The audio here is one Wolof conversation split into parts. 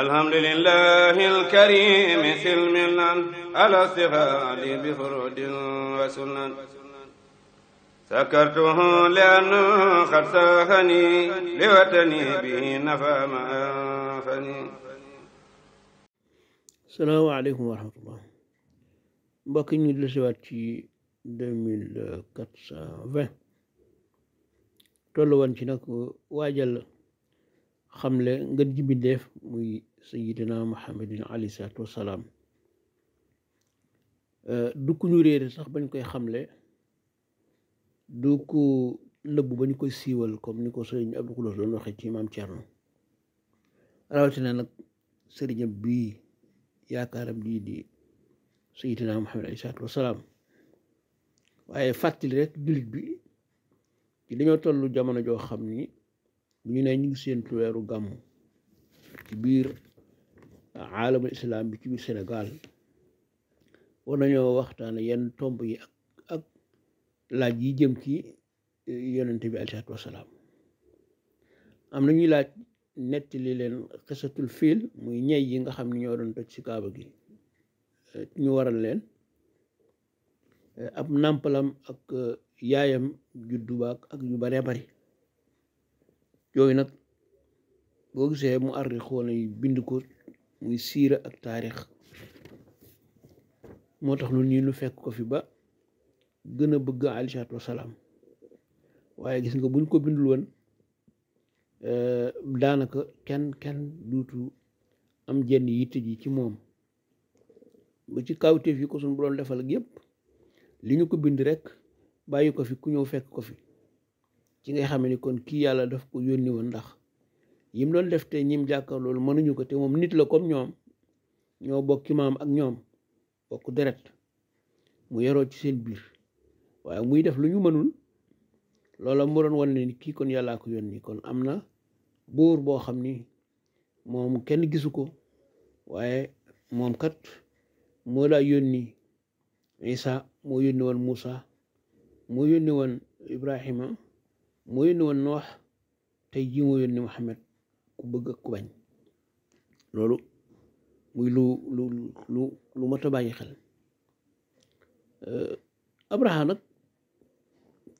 الحمد لله الكريم سلمنا على استفاد بفرود وسنن سكرته لأنه قد ساهني لوطني به نفى ما أنفني السلام عليكم ورحمة الله mbokk ñu dellu si waat ci deux mille quatre cent vingt tollu woon ci nag waajal xamle ngën ji bindeef muy sayidina muhammadin alayhi salaatu wasalaam euh, du ku ñu réere sax bañ koy xamle du ku bañ ba koy siiwal comme ni ko sëriñ Abdou Khoudoss doon waxee ci maam Thierno rawatina nag sëriñam bii yaakaaram jii di sayidina muhammad alayhi salaatu wasalaam waaye fàttali rek jullit bi ci dañoo toll jamono joo xam ni bu ñu nee ñu ngi seen weeru gàmmu ci biir aalamul islam bi ci biir Sénégal war nañoo waxtaan yenn tomb yi ak laaj yi jëm ki eh, yonente bi alayhi salaatu wasalaam am na ñuy laaj nettali leen xesatul fiil muy ñey yi nga xam ni ñoo doon toj ci kaaba gi eh, ñu waral leen eh, ab nàmpalam ak yaayam juddu baak ak yu baree bari yooyu nag boo gisee mu arri xool bind ko muy siira ak taarix moo tax lu nii lu fekk ko fi ba gën a bëgg aleyhi salaatu salaam waaye gis nga buñ ko bindul woon euh, daanaka kenn kenn duutu am jenn yitte ji ci moom ba ci kawteef yi ko suñ bu doon defal yépp li nga ko bind rekk bàyyi ko fi ku ñëw fekk ko fi ci ngay xamee ni kon kii yàlla daf ko yónni woon ndax yim doon def te ñim jàkkaar loolu mënuñu ko te moom nit la comme ñoom ñoo bokk ci maam ak ñoom bokk deret mu yaroo ci seen biir waaye muy def lu ñu mënul loola mu doon wan ne kii kon yàllaa ko yónni kon am na buur boo xam ni moom kenn gisu ko waaye moom kat moo laa yónni Isa moo yónni woon musa moo yónni woon Ibrahima moo yónni woon Noox tey jii moo yónni Muhammad ku bëgg ak ku bañ loolu muy lu lu lu lu mat a bàyyi xel Abraha nag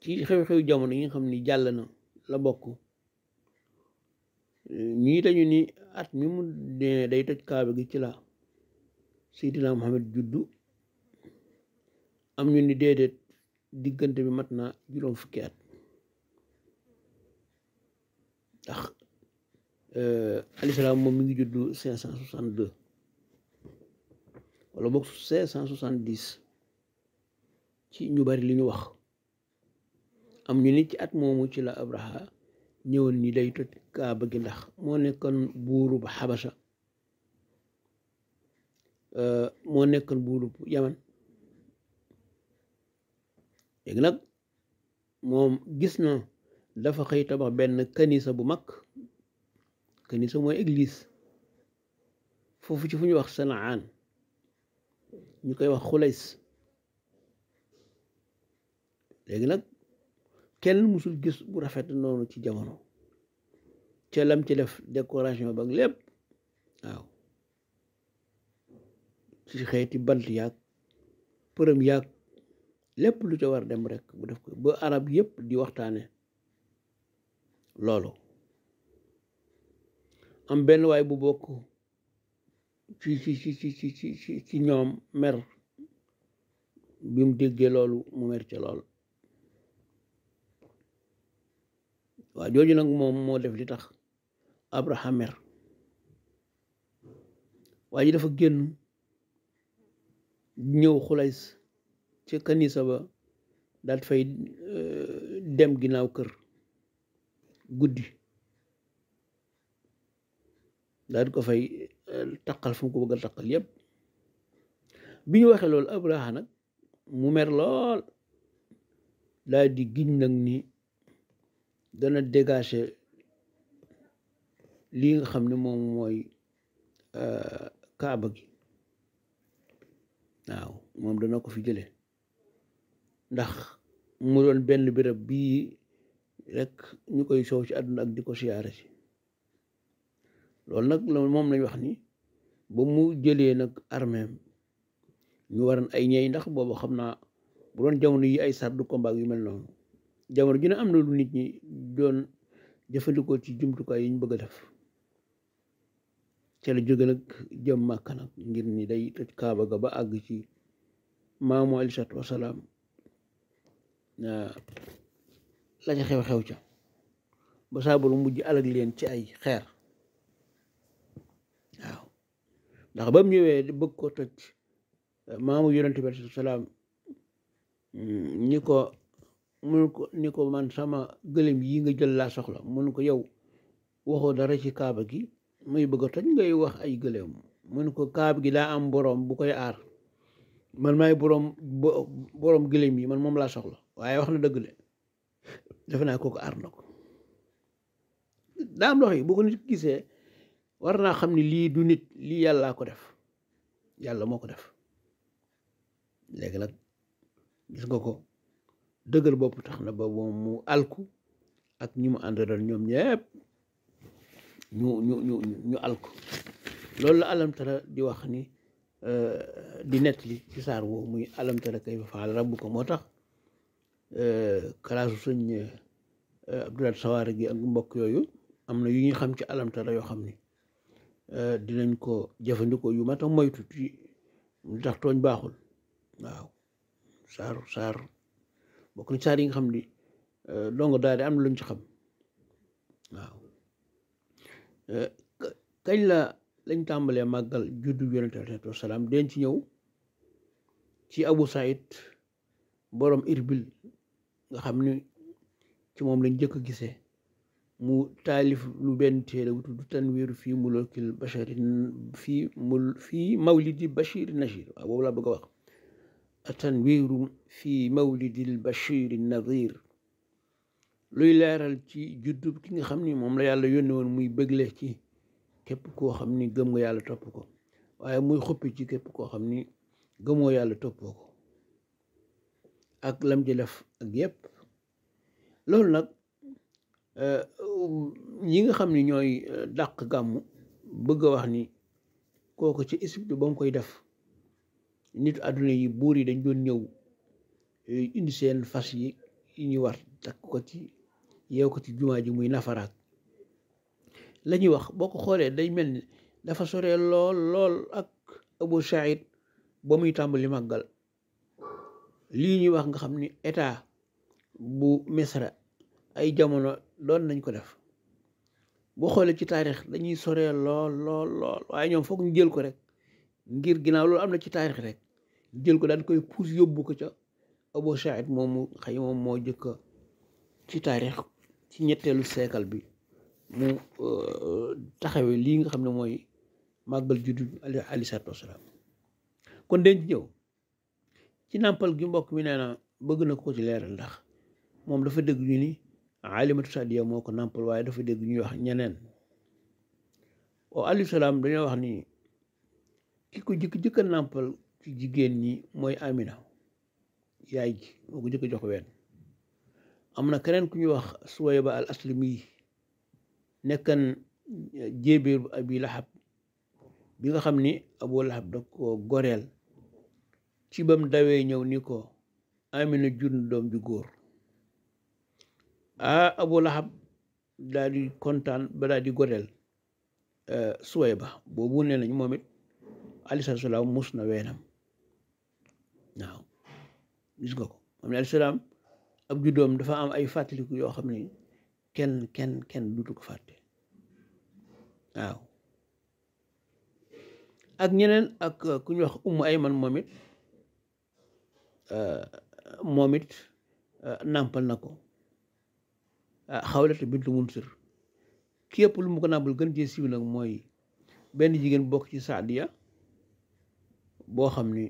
ci xew-xew jamono yi nga xam ni jàll na la bokk ñii dañu ni at mi mu nee day toj kaaba gi ci la Seydina Muhammad juddu am ñu ni déedéet diggante bi mat naa juróom fukki at ndax Euh, alayhi salaam moom mi ngi juddu cinq cent soixante deux wala ci ñu bari li ñu wax am ñu nit ci at moomu ci la Abraha ñëwoon ni day toj kaaba gi ndax moo nekkoon buurub Xabasa euh, moo nekkoon buurub Yaman léegi nag moom gis na dafa xëy tabax benn kanisa bu mag kanisa mooy église foofu ci fu ñu wax sanaan ñu koy wax xulays léegi nag kenn musul gis bu rafet noonu ci jamono ca lam ci lef décoration bag lépp waaw ci xeeti bant yaag përëm yaag lépp lu ca war dem rek bu def ko ba arab yëpp di waxtaane loolu am benn waay bu bokk ci ci ci ci ci ci ñoom mer bi mu déggee loolu mu mer ca lool waa jooju nag moom moo def li tax Abraham waa ji dafa génn ñëw xulays ca kanisa ba daal fay euh, dem ginnaaw kër guddi daal di ko fay eh, taqal fu ko bëgg a taqal yépp bi ñu waxee loolu Abraha nag mu mer lool daal di giñ nag ni dana dégager lii nga xam ne moom mooy eh, kaaba gi waaw moom dana ko fi jële ndax mu doon benn béréb bii rek ñu koy soow ci àdduna ak di ko siyaare si loolu nag moom lañ wax ni ba mu jëlee nag armeem ñu waran ay ñey ndax boobu xam naa bu doon jamono yi ay sar du combat yu mel noonu jamono ju ne am na lu nit ñi doon jëfandikoo ci jumtukaay yi ñu bëgg a def ca la jóge nag jëm màkka nag ngir ni day toj kaaba ga ba àgg ci maamu aleyhi salaatu wasalaam la ca xew-xew ca ba saabu lu mujj alag leen ci ay xeer ndax ba mu ñëwee bëgg ko toj eh, maamu yonent bi alayhi salaam ñi mm, ko mun ko ni ko man sama gëlëm yi nga jël laa soxla mun ko yow waxoo dara ci kaaba gi muy bëgg a toj ngay wax ay gëlëm mun ko kaaba gi daa am boroom bu koy aar man maay boroom boroom gëlëm yi man moom laa soxla waaye wax na dëgg de naa kooku aar na ko daa yi bu ko nit gisee war naa xam ne lii du nit lii yàllaa ko def yàlla moo ko def léegi nag gis nga ko dëgër bopp tax na ba moom mu alku ak ñi mu àndaloon ñoom ñëpp ñu ñu ñu ñu alku loolu la alamtara di wax ni euh, di nett li ci saar woo muy alamtara kay fa faal rabbu ko moo tax euh, kalaasu sëñ euh, Abdoulaye Sawaare gi ak mbokk yooyu am na yu ñuy xam ci alamtara yoo xam ni Euh, dinañ ko jëfandikoo yu mat a moytu ci li tax tooñ baaxul waaw saar saar bokk na saar yi nga xam ni euh, dongo daal di am na ci xam waaw euh, kañ la lañ tàmbalee màggal juddu yonente alayhi wasalaam den ci ñëw ci abu saïd borom irbil nga xam ni ci moom lañ jëkk gisee mu taalif lu benn téere bu tudd tanwiiru fii mulukil bashari fii mul fii mawlidi bashiri nashir waaw boobu laa bëgg a wax a tanwiiru fii mawlidil bashiri nadir luy leeral ci juddu ki nga xam ni moom la yàlla yónne woon muy bëgle ci képp koo xam ni gëm nga yàlla topp ko waaye muy xuppi ci képp koo xam ni gëmoo yàlla toppoo ko ak lam ci ak yépp loolu nag Euh, ñi nga xam ni ñooy euh, dàq gàmm bëgg a wax ni kooku ci Égypte ba mu koy def nit àdduna yi buur yi dañ doon ñëw euh, indi seen fas yi yi ñu war takk ko ci yeew ko ci jumaa ji muy nafaraak la ñuy wax boo ko xoolee day mel ni dafa soree lool lool ak Abu Saïd ba muy tàmbali màggal lii ñuy wax nga xam ni état bu Misra ay jamono loolu nañ ko def boo xoolee ci taarix dañuy soree lool lool lool waaye ñoom foog ñu jël ko rek ngir ginaaw loolu am na ci taarix rek jël ko daan koy puus yóbbu ko ca Abu Saïd moomu xëy moom moo jëkk ci taarix ci ñetteelu siècle bi mu euh, taxawee lii nga xam ne mooy màggal juddu aleyhi kon denc ñëw ci nàmpal gi mbokk mi nee na bëgg na ko ci leeral ndax moom dafa dégg ñu ni alimatu Saadiya ko nàmpal waaye dafa dégg ñuy wax ñeneen o alayhi wax ni ki ko jëkk nàmpal ci jigéen ñi mooy Amina yaay ji moo ko am na keneen ku ñuy wax Suwayba al Aslami nekkan eh, jéebéer bu Abi Lahab bi nga xam ni Abu Lahab da ko goreel ci bam dawee ñëw ni ko Amina jur doom ju góor ah Abu Lahab daal di kontaan ba daal di godeel eh, ba boobu nee nañ moom it alayhi salaam mus na weenam waaw gis ko moom alayhi salaam ab juddoom dafa am ay fàttaliku yoo xam ne kenn kenn kenn dutu ko fàtte waaw ak ñeneen ak ku ñuy wax Ummu Ayman moom it eh, moom eh, nàmpal na ko xawlatu bintu munsir ki yëpp lu mu ko naabul gën cee siiw nag mooy benn jigéen bokk ci saadiya boo xam ni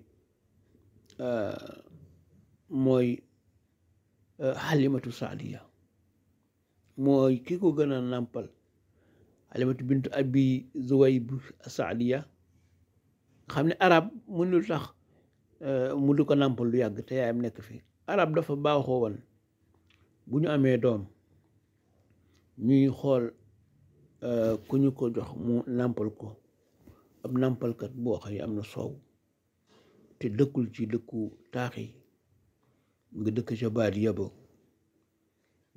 euh, mooy euh, xalimatu saadiya mooy ki ko gën a nàmpal xalimatu bintu abi zuway bu saadiya xam ne arab euh, mu lu tax mu du ko nàmpal lu yàgg te yaayam nekk fi arab dafa baaxoo woon bu ñu amee doom ñuy xool euh, ku ñu ko jox mu nàmpal ko ab nàmpalkat boo xam ne am na soow te dëkkul ci dëkku taax yi nga dëkk ca baadi yëba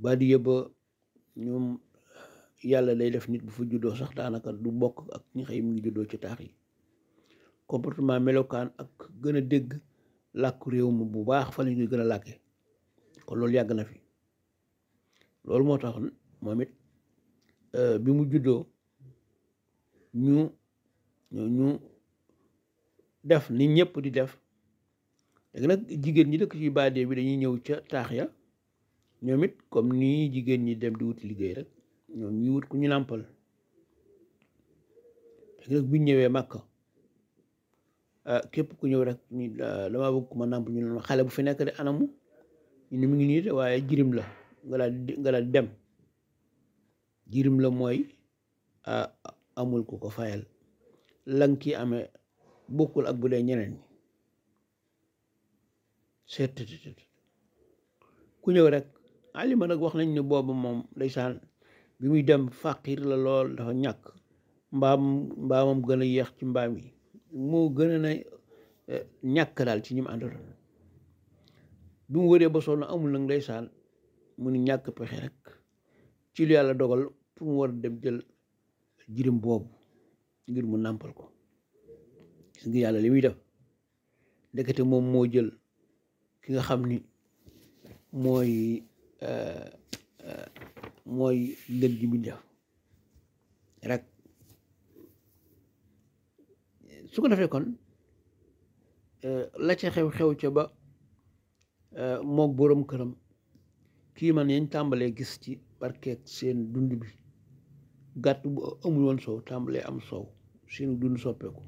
baadi yëba ñoom euh, yàlla day def nit bu fa juddoo sax daanaka du bokk ak ñi xëy mu ngi juddoo ci taax yi comportement melokaan ak gën a dégg làkku réew mi bu baax fa la ñuy gën a làkke kon loolu yàgg na fi loolu moo tax moom it euh, bi mu juddoo ñu ñu def ni ñëpp di def léegi nag jigéen ñi dëkk ci baadee bi dañuy ñëw ca taax ya ñoom it comme nii jigéen ñi dem di wut liggéey rek ñoom ñuy wut ku ñu nàmpal léegi nag bu ñëwee màkk euh, képp ku ñëw rek ñu euh, damaa ku ma nàmp ñu ne xale bu fi nekk de anamu ñu ne mu ngi nii de waaye jirim la nga daal dem jirim la mooy amul ku ko fayal lan ki amee bokkul ak bu dee ñeneen ñi seet ku ñëw rek alima nag wax nañ ni boobu moom day ndeysaan bi muy dem fàqir la lool dafa ñàkk mbaam mbaamam gën a yéex ci mbaam yi moo gën a na eh, ñàkk daal ci ñim àndaloon bi mu wëree ba sonn amul nag ndeysaan mu ni ñàkk pexe rek ci lu yàlla dogal pour mu war a dem jël jirim boobu ngir mu nàmpal ko gis nga yàlla li muy def ndekete moom moo jël ki nga xam ni mooy euh, euh, mooy ngën ji mbindéef rek su ko defee kon euh, la ca xew-xew ca ba mook boroom këram kii man yañ tàmbalee gis ci barkeeg seen dund bi gàtt bu amul woon soow tàmbalee am soow seenu dund soppeeku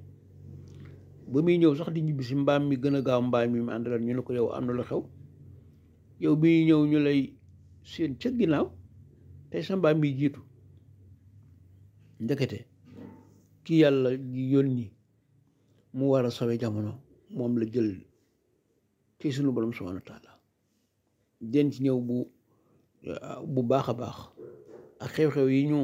ba muy ñëw sax di ñibbi si mbaam mi gën a gaaw mbaam mi mu àndaloon ñu ne ko yow am na lu xew yow bi ñëw ñu lay seen ca ginnaaw tey sa mbaam mi jiitu ndekete ki yàlla yónni mu war a sawe jamono moom la jël ci sunu borom subhanahu wa denc ñëw bu Euh, bu baax a baax ak xew-xew yi ñu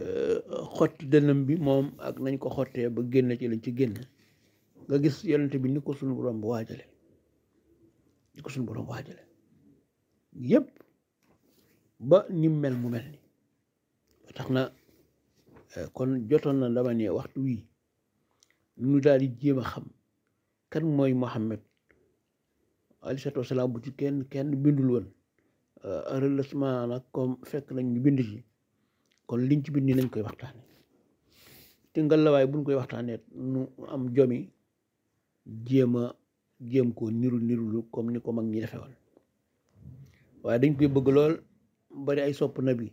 euh, xotti dënnam bi moom ak nañ ko xottee ba génn ci lañ ci génn nga gis yonent bi ni ko suñu borom bu waajale ni ko suñu borom waajale yëpp ba ni mel mu mel ni ba tax na euh, kon jotoon na dama ne waxtu wii nu daal di jéem a xam kan mooy Muhammad alayhi salaatu wasalaam bu ci kenn kenn bindul woon Euh, relâchement nag comme fekk nañ ñu bind ci kon liñ ci bind nañ koy waxtaane te ngalawaay buñ koy waxtaanee nu am jomi jéem a jéem ko nirul nirulu comme ni ko mag ñi defee woon waaye dañ koy bëgg lool bari ay sopp na bi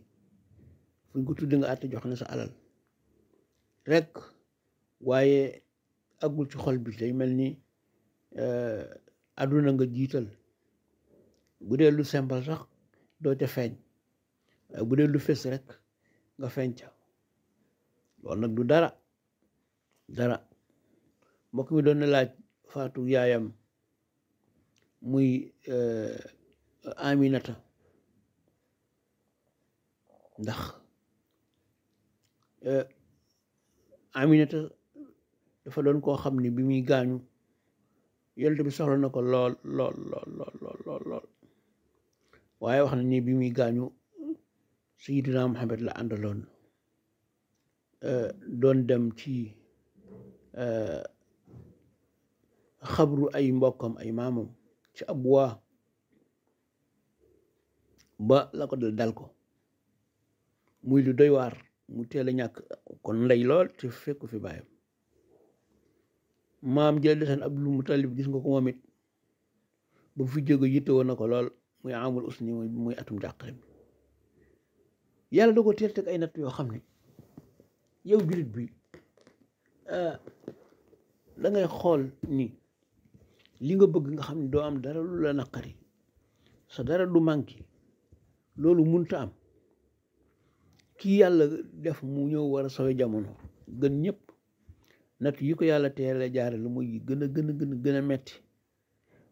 fu ñu ko tudd nga àtte jox na sa alal rek waaye agul ci xol bi day mel ni euh, àdduna nga jiital bu dee lu simple sax doo ca feeñ waaye bu dee lu fës rek nga feeñ ca loolu nag du dara dara mbokk mi doon na laaj faatu yaayam muy eh, Aminata ndax eh, Aminata dafa doon koo xam ni bi muy gaañu yonent bi soxla na ko lool lool lool lool lool waaye wax na ni muy gaañu sayidina Muhammad la àndaloon euh, doon dem ci euh, xabru ay mbokkam ay maamam ci ab waa ba la ko dal dal ko muy lu doy waar mu teel a kon ndey lool te fekku fi bàyyam maam jël desaan Abdul Mutalib gis nga ko moom it ba fi jóge yitte woon ko lool muy amul usni muy atum jàqare mi yàlla da ko teel teg ay natt yoo xam ne yow jullit bi euh, dangay ngay ni li nga bëgg nga xam ne doo am dara lu la naqari sa dara du manqué loolu munta am kii yàlla def mu ñëw war a sooy jamono gën ñëpp natt yi ko yàlla teela jaare lu muy gën a gën a gën a gën a metti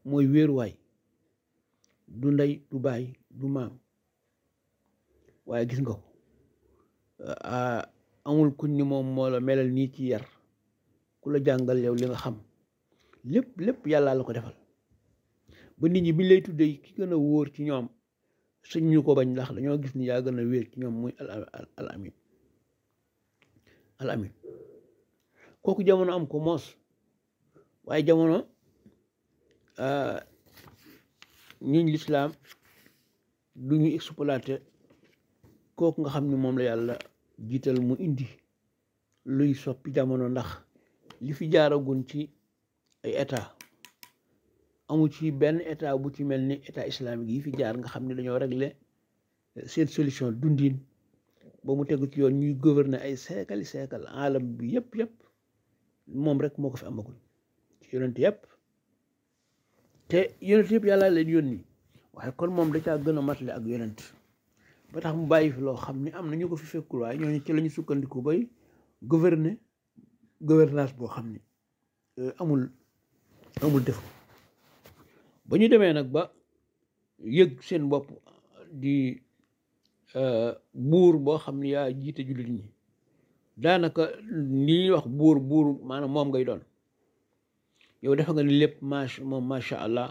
mooy wéeruwaay du ndey du baay du maam waaye gis nga ko amul ku ni moom moo la melal nii ci yar ku la jàngal li nga xam lépp lépp yàlla la ko defal ba nit ñi biñ lay tuddee ki gën a wóor ci ñoom suñ ñu ko bañ ndax dañoo gis ni yaa gën a wéer ci ñoom muy al amin kooku jamono am ko moos waaye jamono ñuñ lislaam du ñu exploité kooku nga xam ne moom la yàlla jiital mu indi luy soppi jamono ndax li fi jaaragun ci ay état amu ci benn état bu ci mel ni état islamique yi fi jaar nga xam ne dañoo réglé euh, seen solution dundin ba mu tegu ci yoon ñuy gouverner ay seekali seekal alam bi yëpp yëpp moom rek moo ko fi amagul ci yonent yëpp te yonent yëpp yàlla leen yónni waaye kon moom da caa gën a matale ak yonent ba tax mu bàyyi fi loo xam ne am na ñu ko fi fekkul waaye ci la ñu sukkandiku bay gouverner gouvernance boo xam ne euh, amul amul def ba ñu demee nag ba yëg seen bopp di euh, buur boo xam ne yaa jiite jullit ñi daanaka li ñuy wax buur buur maanaam moom ngay doon yow defa nga ni lépp mach moom macha allah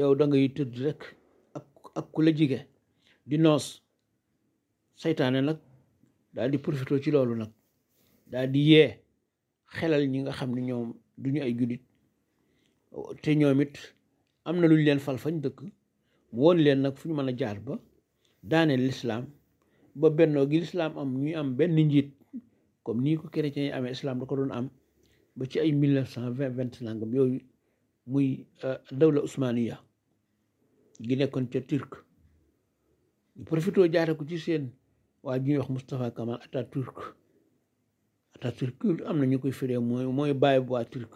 yow da ngay tëdd rek ak ak ku la jige di noos seytaane nag daal di profité ci loolu nag daal di yee xelal ñi nga xam ni ñoom duñu ay jullit te ñoom it am na lu ñu leen fal fañ dëkk mu woon leen nag fu ñu mën a jaar ba daaneel lislaam ba bennoo gi lislaam am ñuy am benn njiit comme nii ko chrétien yi amee islam da ko doon am ba ci ay mille neuf cent vingt vingt nangam yooyu muy euh, dawla Ousmaniya gi nekkoon ca turc ñu profité jaare ko ci seen waa ji ñuy wax Moustapha Kamal Atatürk Atatürk am na ñu koy firee mooy mooy bàyyi bu waa turc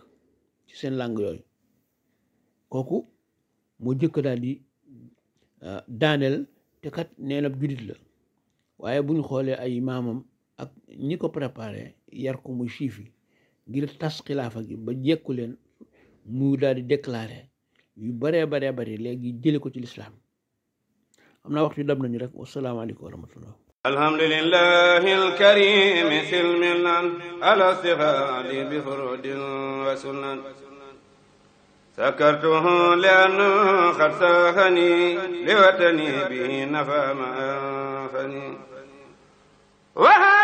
ci seen langue yooyu kooku moo jëkk daal di euh, daaneel te kat nee na jullit la waaye bu ñu xoolee ay maamam ak ñi ko préparé yar ko muy chiif ngir tas xilaafa gi ba jekku leen mu daal di déclaré yu baree bare bari léegi jële ko ci lislaam am naa waxtu dab nañu rek wasalaamaaleykum wa rahmatullah alhamdulillahi alkarimi silmilan alastihadi bi furudin wa sakartuhu li an xad li watani bi nafa ma